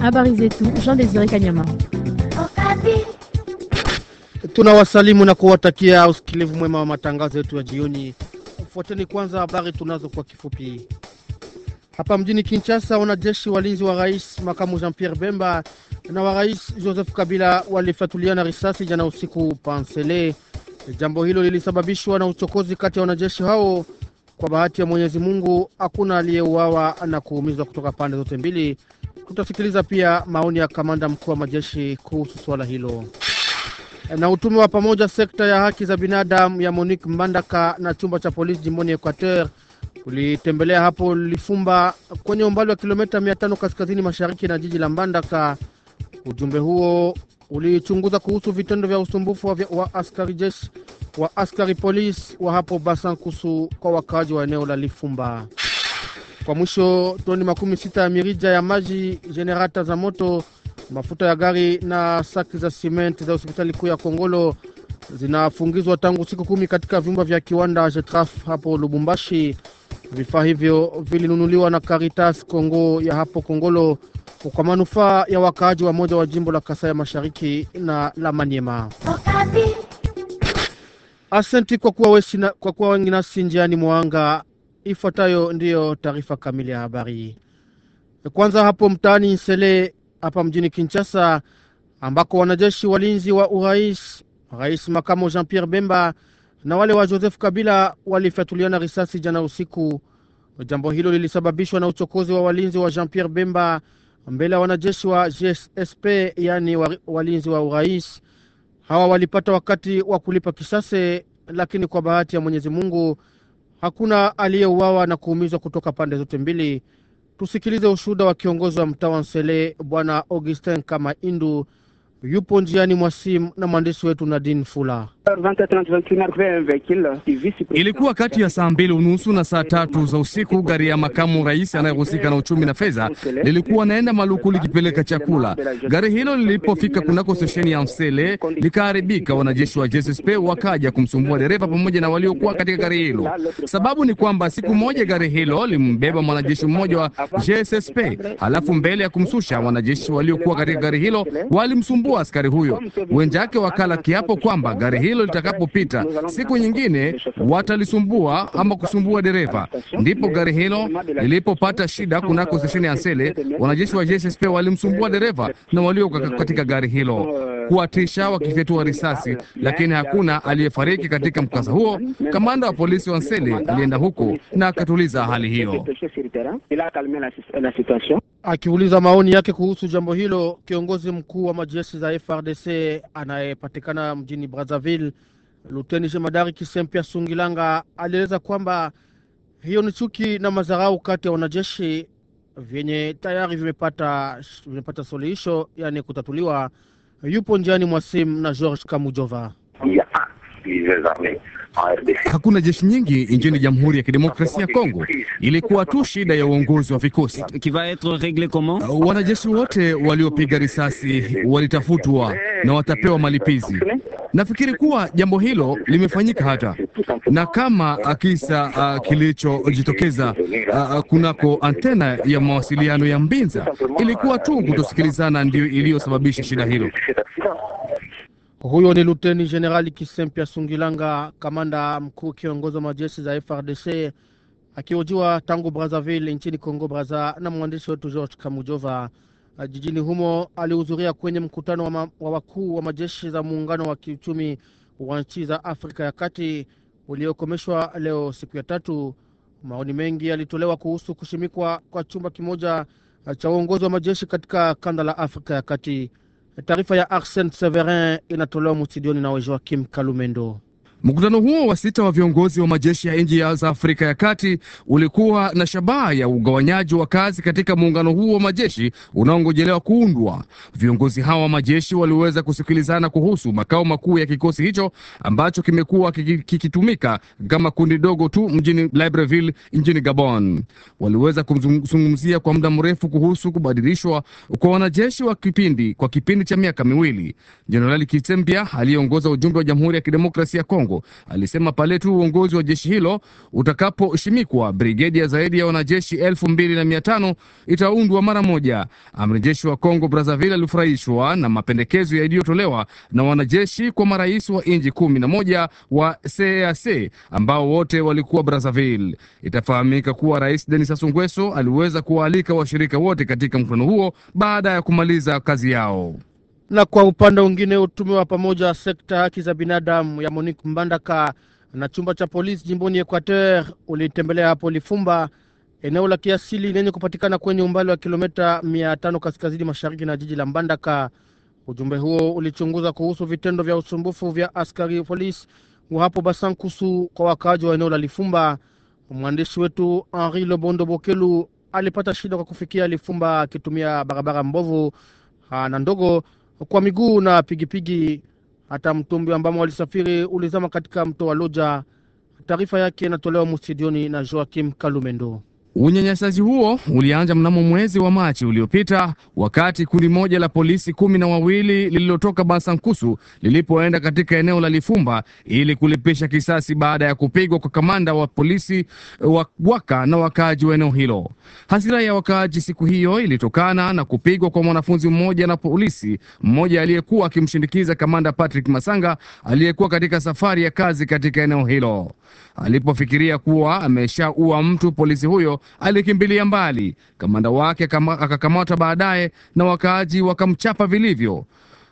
Habari zetu Jean Desire Kanyama. Tunawasalimu na kuwatakia usikilivu mwema wa matangazo yetu ya jioni. Fuateni kwanza habari tunazo kwa kifupi. Hapa mjini Kinshasa, wanajeshi walinzi wa rais makamu Jean Pierre Bemba na wa rais Joseph Kabila walifyatuliana risasi jana usiku Pansele. Jambo hilo lilisababishwa na uchokozi kati ya wanajeshi hao. Kwa bahati ya Mwenyezi Mungu, hakuna aliyeuawa na kuumizwa kutoka pande zote mbili, tutasikiliza pia maoni ya kamanda mkuu wa majeshi kuhusu suala hilo. Na utume wa pamoja sekta ya haki za binadamu ya Monique Mbandaka na chumba cha polisi jimboni Equateur ulitembelea hapo Lifumba kwenye umbali wa kilomita 500 kaskazini mashariki na jiji la Mbandaka. Ujumbe huo ulichunguza kuhusu vitendo vya usumbufu wa, wa askari jeshi wa askari polisi wa hapo Basankusu kwa wakaaji wa eneo la Lifumba. Kwa mwisho, toni makumi sita ya mirija ya maji, jenerata za moto, mafuta ya gari na saki za simenti za hospitali kuu ya Kongolo zinafungizwa tangu siku kumi katika vyumba vya kiwanda Jetraf hapo Lubumbashi. Vifaa hivyo vilinunuliwa na Caritas Kongo ya hapo Kongolo kwa manufaa ya wakaaji wa moja wa jimbo la Kasai Mashariki na la Maniema. asenti kwa kuwa wengi nasi njiani mwanga. Ifuatayo ndiyo taarifa kamili ya habari. Kwanza hapo mtaani Nsele hapa mjini Kinshasa, ambako wanajeshi walinzi wa urais rais makamo Jean Pierre Bemba na wale wa Joseph Kabila walifyatuliana risasi jana usiku. Jambo hilo lilisababishwa na uchokozi wa walinzi wa Jean Pierre Bemba mbele ya wanajeshi wa GSSP, yaani walinzi wa urais. Hawa walipata wakati wa kulipa kisasi, lakini kwa bahati ya Mwenyezi Mungu Hakuna aliyeuawa na kuumizwa kutoka pande zote mbili. Tusikilize ushuhuda wa kiongozi wa mtaa wa Nsele Bwana Augustin Kama Indu yupo njiani mwa simu na mwandishi wetu Nadine Fula. Ilikuwa kati ya saa mbili unusu na saa tatu za usiku, gari ya makamu rais anayehusika na uchumi na fedha lilikuwa naenda Maluku likipeleka chakula. Gari hilo lilipofika kunako stesheni ya Msele likaharibika. Wanajeshi wa JSP wakaja kumsumbua dereva pamoja na waliokuwa katika gari hilo. Sababu ni kwamba siku moja gari hilo limbeba mwanajeshi mmoja wa JSP, halafu mbele ya kumsusha, wanajeshi waliokuwa katika gari hilo walimsumbua kumchukua askari huyo. Wenzake wakala kiapo kwamba gari hilo litakapopita siku nyingine watalisumbua ama kusumbua dereva. Ndipo gari hilo lilipopata shida kunako stesheni ya nsele Wanajeshi wa JSSP walimsumbua dereva na walio katika gari hilo kuwatisha wakifyatua risasi, lakini hakuna aliyefariki katika mkasa huo. Kamanda wa polisi wa Nsele alienda huko na akatuliza hali hiyo. Akiuliza maoni yake kuhusu jambo hilo, kiongozi mkuu wa majeshi za FRDC anayepatikana mjini Brazzaville, Luteni Jemadari Kisempia Sungilanga, alieleza kwamba hiyo ni chuki na madharau kati ya wanajeshi vyenye tayari vimepata, vimepata suluhisho, yaani kutatuliwa yupo njiani mwa simu na George Kamujova. Hakuna jeshi nyingi nchini Jamhuri ya Kidemokrasia ya Kongo, ilikuwa tu shida ya uongozi wa vikosi. Uh, wanajeshi wote waliopiga risasi walitafutwa na watapewa malipizi. Nafikiri kuwa jambo hilo limefanyika hata na kama akisa uh, kilichojitokeza uh, uh, kunako antena ya mawasiliano ya Mbinza ilikuwa tu kutosikilizana ndio iliyosababisha shida hilo. Huyo ni Luteni Jenerali Kisempia Sungilanga, kamanda mkuu kiongozi wa majeshi za FRDC akihojiwa tangu Brazzaville nchini congo Braza na mwandishi wetu George Kamujova. Ah, jijini humo alihudhuria kwenye mkutano wa, wa wakuu wa majeshi za muungano wa kiuchumi wa nchi za Afrika ya Kati uliokomeshwa leo siku ya tatu. Maoni mengi yalitolewa kuhusu kushimikwa kwa chumba kimoja ah, cha uongozi wa majeshi katika kanda la Afrika ya Kati. Taarifa ya Arsene Severin inatolewa mustudioni na Joakim Kalumendo. Mkutano huo wa sita wa viongozi wa majeshi ya nchi za Afrika ya Kati ulikuwa na shabaha ya ugawanyaji wa kazi katika muungano huo wa majeshi unaongojelewa kuundwa. Viongozi hawa wa majeshi waliweza kusikilizana kuhusu makao makuu ya kikosi hicho ambacho kimekuwa kikitumika kama kundi dogo tu mjini Libreville nchini Gabon. Waliweza kuzungumzia kwa muda mrefu kuhusu kubadilishwa kwa wanajeshi wa kipindi kwa kipindi cha miaka miwili. Jenerali Kisembia aliyeongoza ujumbe wa Jamhuri ya Kidemokrasia ya Kongo Kongo. Alisema pale tu uongozi wa jeshi hilo utakaposhimikwa, brigedi ya zaidi ya wanajeshi elfu mbili na mia tano itaundwa mara moja. Amri jeshi wa Kongo Brazzaville alifurahishwa na mapendekezo yaliyotolewa na wanajeshi kwa marais wa nchi kumi na moja wa ceac ambao wote walikuwa Brazzaville. Itafahamika kuwa Rais Denis Sassou Nguesso aliweza kuwaalika washirika wote katika mkutano huo baada ya kumaliza kazi yao na kwa upande mwingine utume wa pamoja sekta haki za binadamu ya Monique Mbandaka na chumba cha polisi jimboni Equateur ulitembelea hapo Lifumba, eneo la kiasili lenye kupatikana kwenye umbali wa kilomita 500 kaskazini mashariki na jiji la Mbandaka. Ujumbe huo ulichunguza kuhusu vitendo vya usumbufu vya askari polisi wa hapo Basankusu kwa wakaaji wa eneo la Lifumba. Mwandishi wetu Henri Lobondo Bokelu alipata shida kwa kufikia Lifumba akitumia barabara mbovu ah, na ndogo kwa miguu na pigipigi Hata mtumbi ambamo walisafiri ulizama katika mto wa Loja. Taarifa yake inatolewa mustidioni na Joakim Kalumendo. Unyanyasaji huo ulianza mnamo mwezi wa Machi uliopita wakati kundi moja la polisi kumi na wawili lililotoka Basankusu lilipoenda katika eneo la Lifumba ili kulipisha kisasi baada ya kupigwa kwa kamanda wa polisi wa waka na wakaaji wa eneo hilo. Hasira ya wakaaji siku hiyo ilitokana na kupigwa kwa mwanafunzi mmoja na polisi mmoja aliyekuwa akimshindikiza kamanda Patrick Masanga aliyekuwa katika safari ya kazi katika eneo hilo. Alipofikiria kuwa ameshaua mtu, polisi huyo alikimbilia mbali. Kamanda wake akakamatwa baadaye na wakaaji wakamchapa vilivyo.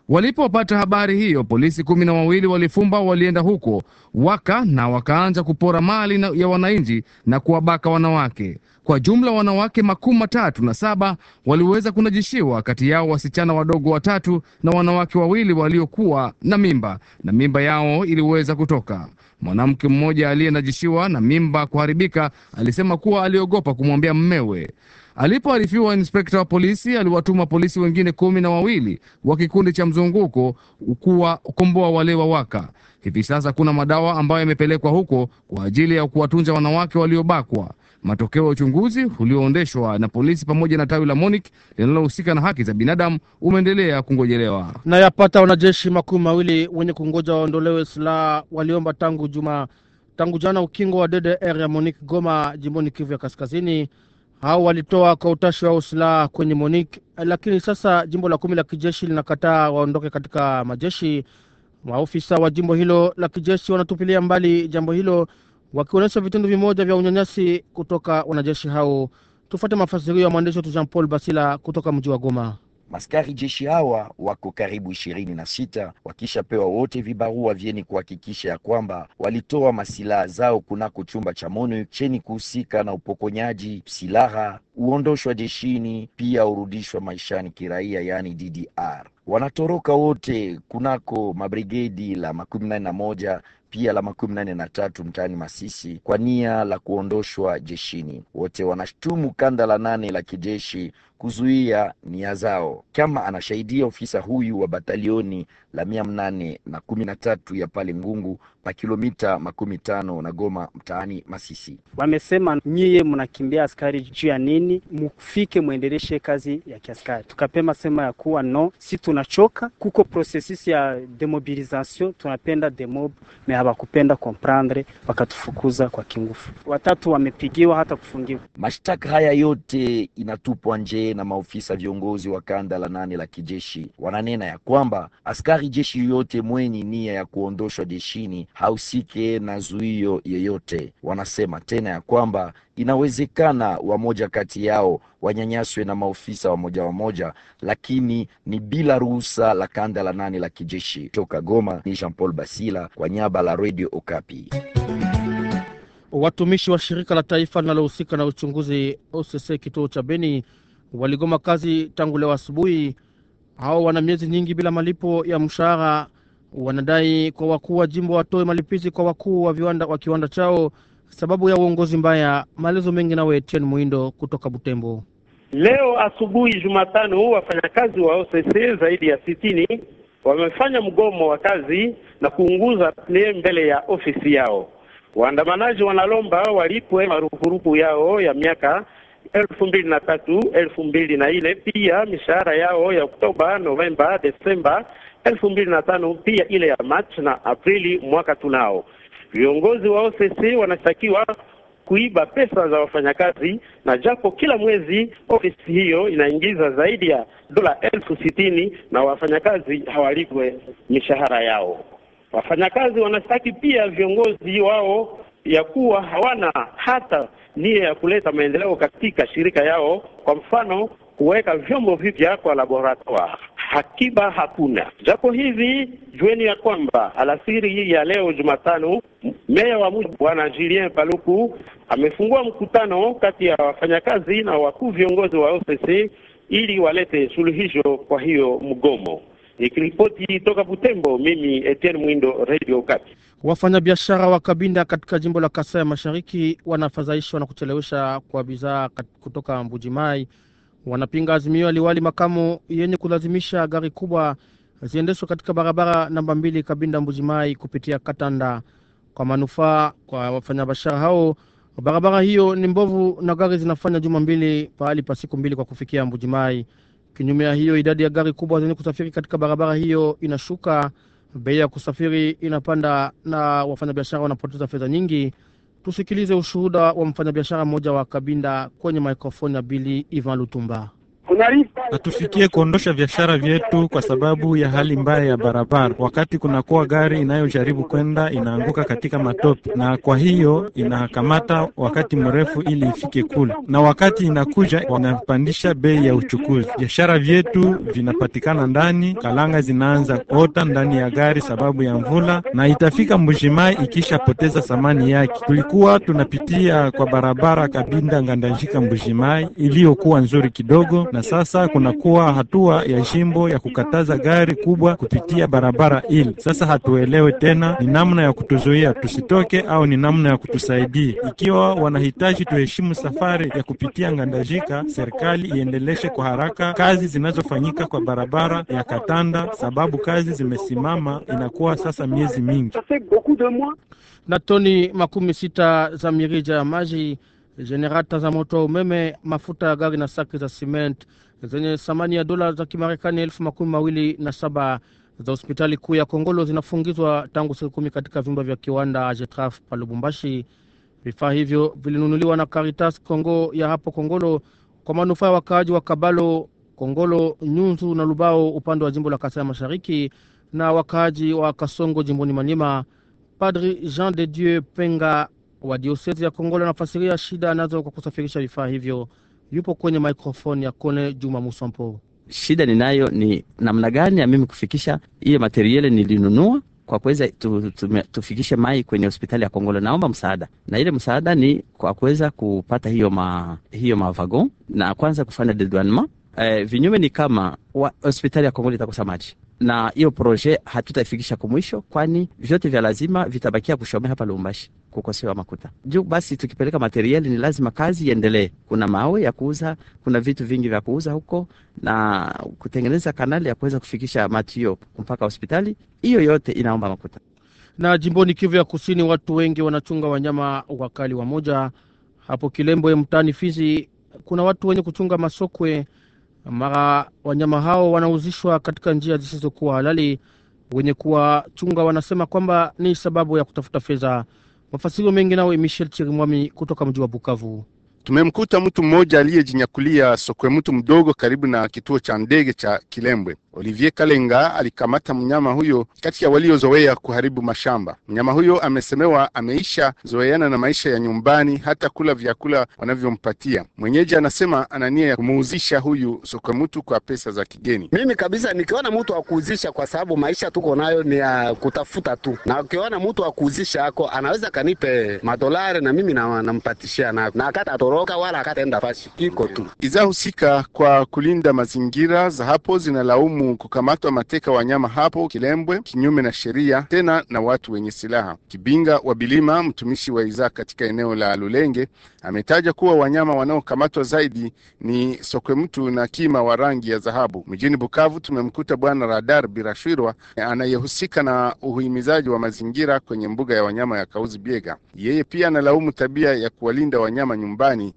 Walipopata habari hiyo, polisi kumi na wawili walifumba walienda huko waka na wakaanza kupora mali na, ya wananchi na kuwabaka wanawake. Kwa jumla wanawake makumi matatu na saba waliweza kunajishiwa, kati yao wasichana wadogo watatu na wanawake wawili waliokuwa na mimba na mimba yao iliweza kutoka. Mwanamke mmoja aliyenajishiwa na mimba kuharibika alisema kuwa aliogopa kumwambia mmewe. Alipoarifiwa, inspekta wa polisi aliwatuma polisi wengine kumi na wawili wa kikundi cha mzunguko kuwakomboa wale wa Waka. Hivi sasa kuna madawa ambayo yamepelekwa huko kwa ajili ya kuwatunza wanawake waliobakwa. Matokeo ya uchunguzi ulioondeshwa na polisi pamoja na tawi la MONIC linalohusika na haki za binadamu umeendelea kungojelewa. Na yapata wanajeshi makumi mawili wenye kungoja waondolewe silaha waliomba tangu juma tangu jana ukingo wa DDR ya MONIC Goma, jimboni Kivu ya Kaskazini. Hao walitoa kwa utashi wao silaha kwenye MONIC, lakini sasa jimbo la kumi la kijeshi linakataa waondoke katika majeshi. Maofisa wa jimbo hilo la kijeshi wanatupilia mbali jambo hilo wakionyesha vitendo vimoja vya unyanyasi kutoka wanajeshi hao. Tufuate mafasirio ya mwandishi wetu Jean Paul Basila kutoka mji wa Goma. Maskari jeshi hawa wako karibu ishirini na sita wakishapewa wote vibarua vyeni kuhakikisha ya kwamba walitoa masilaha zao kunako chumba cha MONUC cheni kuhusika na upokonyaji silaha, uondoshwa jeshini, pia urudishwa maishani kiraia, yaani DDR wanatoroka wote kunako mabrigedi la makumi nane na moja pia la makumi nane na tatu mtaani Masisi kwa nia la kuondoshwa jeshini. Wote wanashtumu kanda la nane la kijeshi kuzuia nia zao, kama anashahidia ofisa huyu wa batalioni la mia mnane na kumi na tatu ya pale Ngungu pa kilomita makumi tano na Goma mtaani Masisi. Wamesema nyiye mnakimbia askari juu ya nini? Mufike mwendeleshe kazi ya kiaskari. Tukapema sema ya kuwa no, si tunachoka, kuko processus ya demobilization, tunapenda demob me hawakupenda komprandre, wakatufukuza kwa kingufu. Watatu wamepigiwa hata kufungiwa. Mashtaka haya yote inatupwa nje na maofisa viongozi wa kanda la nane la kijeshi wananena ya kwamba askari askari jeshi yoyote mwenye nia ya kuondoshwa jeshini hausike na zuio yoyote. Wanasema tena ya kwamba inawezekana wamoja kati yao wanyanyaswe na maofisa wamoja wamoja, lakini ni bila ruhusa la kanda la nane la kijeshi. Toka Goma ni Jean Paul Basila kwa nyaba la Radio Okapi. Watumishi wa shirika la taifa linalohusika na uchunguzi OCC kituo cha Beni waligoma kazi tangu leo asubuhi hao wana miezi nyingi bila malipo ya mshahara. Wanadai kwa wakuu wa jimbo watoe malipizi kwa wakuu wa viwanda wa kiwanda chao sababu ya uongozi mbaya. Maelezo mengi nawe Etienne Muindo kutoka Butembo. Leo asubuhi Jumatano, huu wafanyakazi wa OCC zaidi ya sitini wamefanya mgomo wa kazi na kuunguza pne mbele ya ofisi yao. Waandamanaji wanalomba walipwe marupurupu yao ya miaka elfu mbili na tatu elfu mbili na nne pia mishahara yao ya Oktoba, Novemba, Desemba elfu mbili na tano pia ile ya mach na Aprili mwaka tunao. Viongozi wa OCC wanashtakiwa kuiba pesa za wafanyakazi, na japo kila mwezi ofisi hiyo inaingiza zaidi ya dola elfu sitini na wafanyakazi hawalipwe mishahara yao. Wafanyakazi wanashtaki pia viongozi wao ya kuwa hawana hata nia ya kuleta maendeleo katika shirika yao, kwa mfano kuweka vyombo vipya kwa laboratoa. Hakiba hakuna japo hivi. Jueni ya kwamba alasiri hii ya leo Jumatano, meya wa mji bwana Julien Paluku amefungua mkutano kati ya wafanyakazi na wakuu viongozi wa ofisi ili walete suluhisho kwa hiyo mgomo. Nikiripoti toka Butembo, mimi Etienne Mwindo, Radio Kati. Wafanyabiashara wa Kabinda katika jimbo la Kasai ya Mashariki wanafadhaishwa na kuchelewesha kwa bidhaa kutoka Mbujimai. Wanapinga azimio aliwali makamu yenye kulazimisha gari kubwa ziendeshwe katika barabara namba mbili Kabinda Mbujimai kupitia Katanda kwa manufaa kwa wafanyabiashara hao. Barabara hiyo ni mbovu na gari zinafanya juma mbili pahali pa siku mbili kwa kufikia Mbujimai. Kinyume ya hiyo, idadi ya gari kubwa zenye kusafiri katika barabara hiyo inashuka, bei ya kusafiri inapanda na wafanyabiashara wanapoteza fedha nyingi. Tusikilize ushuhuda wa mfanyabiashara mmoja wa Kabinda kwenye mikrofoni ya Bili Ivan Lutumba na tufikie kuondosha biashara vyetu kwa sababu ya hali mbaya ya barabara. Wakati kunakuwa gari inayojaribu kwenda inaanguka katika matope, na kwa hiyo inakamata wakati mrefu ili ifike kule, na wakati inakuja inapandisha bei ya uchukuzi. Biashara vyetu vinapatikana ndani, kalanga zinaanza ota ndani ya gari sababu ya mvula, na itafika Mbujimai ikishapoteza thamani yake. Tulikuwa tunapitia kwa barabara Kabinda Ngandanjika Mbujimai iliyokuwa nzuri kidogo na na sasa kunakuwa hatua ya jimbo ya kukataza gari kubwa kupitia barabara ile. Sasa hatuelewe tena ni namna ya kutuzuia tusitoke au ni namna ya kutusaidia. Ikiwa wanahitaji tuheshimu safari ya kupitia Ngandajika, serikali iendeleshe kwa haraka kazi zinazofanyika kwa barabara ya Katanda, sababu kazi zimesimama inakuwa sasa miezi mingi. Na toni makumi sita za mirija ya maji jenerata za moto wa umeme, mafuta ya gari na saki za cement zenye thamani ya dola za Kimarekani elfu makumi mawili na saba za hospitali kuu ya Kongolo zinafungizwa tangu siku kumi katika vyumba vya kiwanda Jetraf pa Lubumbashi. Vifaa hivyo vilinunuliwa na Caritas Kongo ya hapo Kongolo kwa manufaa ya wakaaji wa Kabalo, Kongolo, Nyunzu na Lubao upande wa jimbo la Kasai Mashariki na wakaaji wa Kasongo jimboni Manyema. Padri Jean de Dieu Penga wa diosezi ya Kongole anafasiria shida anazo kwa kusafirisha vifaa hivyo. Yupo kwenye mikrofoni ya Kone Juma Muswampo. Shida ninayo ni namna gani ya mimi kufikisha hiyo materiele nilinunua kwa kuweza tu, tu, tufikishe mai kwenye hospitali ya Kongolo. Naomba msaada, na ile msaada ni kwa kuweza kupata hiyo ma, hiyo mavagon na kwanza kufanya dedouanement. Eh, vinyume ni kama hospitali ya Kongole itakosa maji na hiyo proje hatutaifikisha kumwisho, kwani vyote vya lazima vitabakia kushomea hapa Lubumbashi kukosewa makuta juu. Basi tukipeleka materiali, ni lazima kazi iendelee. Kuna mawe ya kuuza, kuna vitu vingi vya kuuza huko na kutengeneza kanali ya kuweza kufikisha matio mpaka hospitali. Hiyo yote inaomba makuta. Na jimboni Kivu ya Kusini, watu wengi wanachunga wanyama wakali wamoja. Hapo Kilembwe mtaani Fizi, kuna watu wenye kuchunga masokwe mara wanyama hao wanahuzishwa katika njia zisizokuwa halali. Wenye kuwachunga wanasema kwamba ni sababu ya kutafuta fedha. Mafasiri mengi nao Michel Chirimwami kutoka mji wa Bukavu. Tumemkuta mtu mmoja aliyejinyakulia sokwe mtu mdogo karibu na kituo cha ndege cha Kilembwe. Olivier Kalenga alikamata mnyama huyo kati ya waliozoea kuharibu mashamba. Mnyama huyo amesemewa ameisha zoeana na maisha ya nyumbani, hata kula vyakula wanavyompatia. Mwenyeji anasema ana nia ya kumuuzisha huyu sokwe mtu kwa pesa za kigeni. Mimi kabisa nikiona mtu wa kuuzisha, kwa sababu maisha tuko nayo ni ya kutafuta tu, na ukiona mtu wa kuuzisha ako anaweza kanipe madolari na mimi nampatishia na, na, na akata atoro atoroka wala akataenda fasi, iko tu husika kwa kulinda mazingira za hapo zinalaumu kukamatwa mateka wanyama hapo Kilembwe kinyume na sheria, tena na watu wenye silaha. Kibinga wa Bilima, mtumishi wa iza katika eneo la Lulenge Ametaja kuwa wanyama wanaokamatwa zaidi ni sokwe mtu na kima wa rangi ya dhahabu. Mjini Bukavu tumemkuta Bwana Radar Birashirwa anayehusika na uhimizaji wa mazingira kwenye mbuga ya wanyama ya Kauzi Biega. Yeye pia analaumu tabia ya kuwalinda wanyama nyumbani.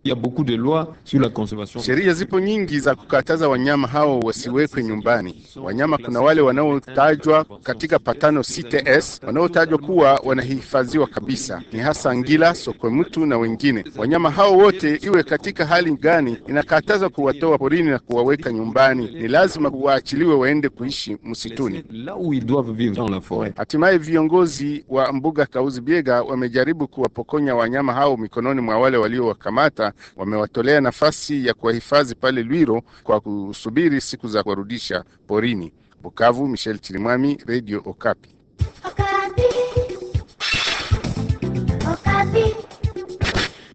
Sheria zipo nyingi za kukataza wanyama hao wasiwekwe nyumbani. Wanyama kuna wale wanaotajwa katika patano CTS wanaotajwa kuwa wanahifadhiwa kabisa, ni hasa ngila, sokwemtu na wengine. Wanyama hao wote, iwe katika hali gani, inakataza kuwatoa porini na kuwaweka nyumbani. Ni lazima waachiliwe waende kuishi msituni. Hatimaye viongozi wa mbuga Kauzi Biega wamejaribu kuwapokonya wanyama hao mikononi mwa wale waliowakamata. Wamewatolea nafasi ya kuwahifadhi pale Lwiro kwa kusubiri siku za kuwarudisha porini. Bukavu, Michel Chirimwami, Radio Okapi. Okapi. Okapi.